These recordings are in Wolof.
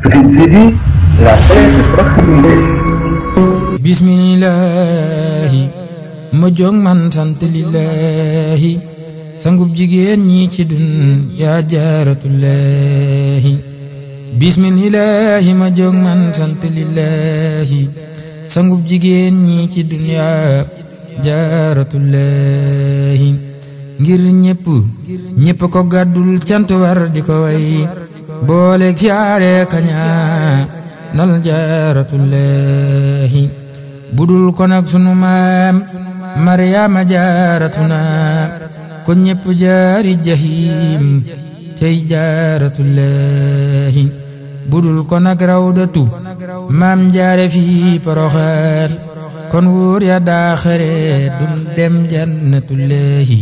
Principi, la paix Sanggup Bismillahi, ma jog man sant lillahi. Sangub jigen ñi ci dun ya jaratul Bismillahi ma jog man sant lillahi. Sangub jigen ñi ci dunya jaaratullahi. Ngir ñepp ñepp ko gadul cant war diko way. booleeg siyaare kaña nal jaaratullahi budul ko nag sunu maam maryaama jaaratuna ko ñëpp jaari jahim tey jaaratullahi budul ko nag rawdatu maam jaare fi poroxaan kon ya daaxare dun dem jannatullahi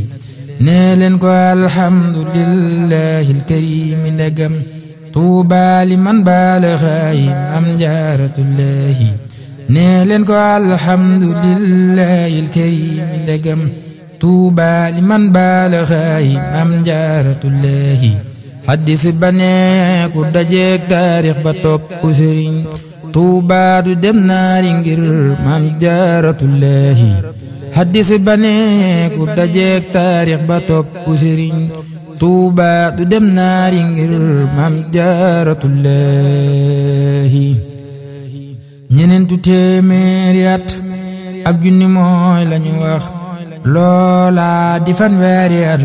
nee leen ko alhamdulillahi alkarim ndegam tuuba li man baala xaayin am jaaratullaahi nee leen ko alhamdulillahi alkarim ndegam tuuba li man baala xaayin am jaaratullaahi xaddis ba nee ku dajeek taarix ba topp sëriñ tuuba du dem naari ngir maam jaaratullaahi xaddis ba nee ku dajeek taarix ba topp sëriñ tuuba du dem naari ngir maam jaaratullaahi ñeneentu téeméeri at ak junni mooy lañu wax loola di fanweeri at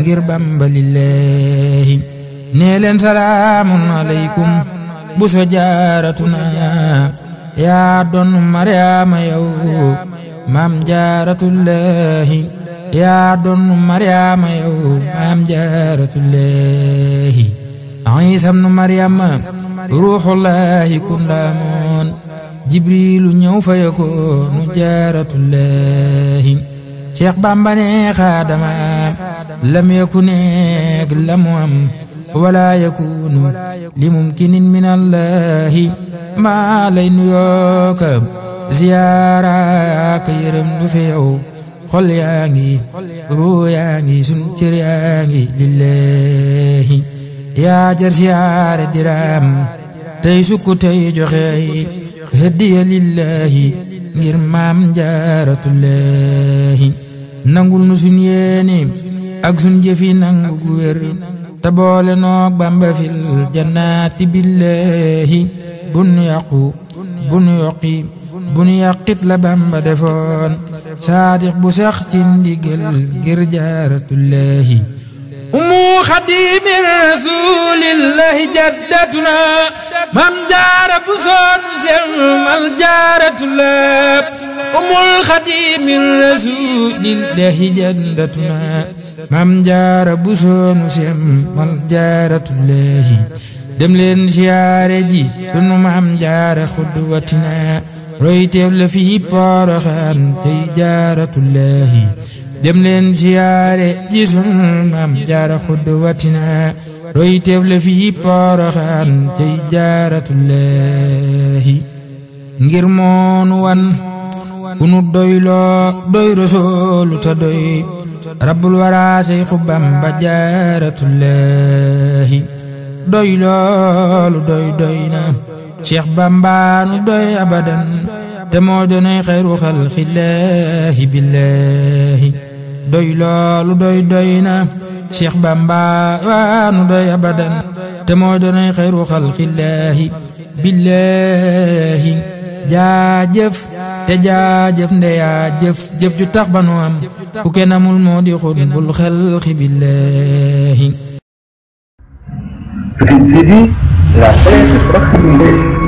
ngir bamba lillaahi nee leen salaamun aleykum bu so jaaratuna yaa doon mariama yow maam jaaratullaahi yaa doon Mariama yow maam jaaratullahi Iisa ibnu Mariama ruuxullahi kun la moon Jibriilu ñëw fa yakoonu jaaratullahi Cheikh Bamba ne xaadama lam yakun nekk la mu am wala yakunu li mumkinin min allahi maa lay nuyoo ka ziyaara ka yërëm du fi yow xol yaa ngi ruu yaa ngi sun cër yaa ngi lillahi yaa jar siyaare diraam tey sukku tey joxe hëddiya lillahi ngir maam jaaratullahi nangul nu sun yéene ak sun jëfi nangu gu wér te boole noog bamba fil jannaati bun yaqu bun yoqi bu nu yàqit la Bamba defoon saadix bu sax ci ndigal ngir jaaratullahi umu xadimi rasulillahi jaddatuna mam jaara bu soonu semmal jaaratullahi umul xadimi rasulillahi jaddatuna mam jaara bu soonu semmal jaaratullahi dem leen siyaare ji sunu mam jaara xudwatina royteef la fii Poroxaan tey jaaratullahi dem leen ziyaare ji sunu maam jaara xudwatina royteef la fii Poroxaan tey jaaratullahi ngir moonu wan ku nu doyloo doy rasoolu ta doy rabbul waraa Seexu Bamba jaaratullahi doy loolu doy doy na Seex Bamba doy abadan تمودنا خير خلق الله بالله دويلال دوي دوينا شيخ بامبا وانو دوي أبدا تمودنا خير خلق الله بالله جا جف تجا جف نيا جف جف جو تخبانو أم وكنا مولمود يخون بالخلق بالله في الجديد لا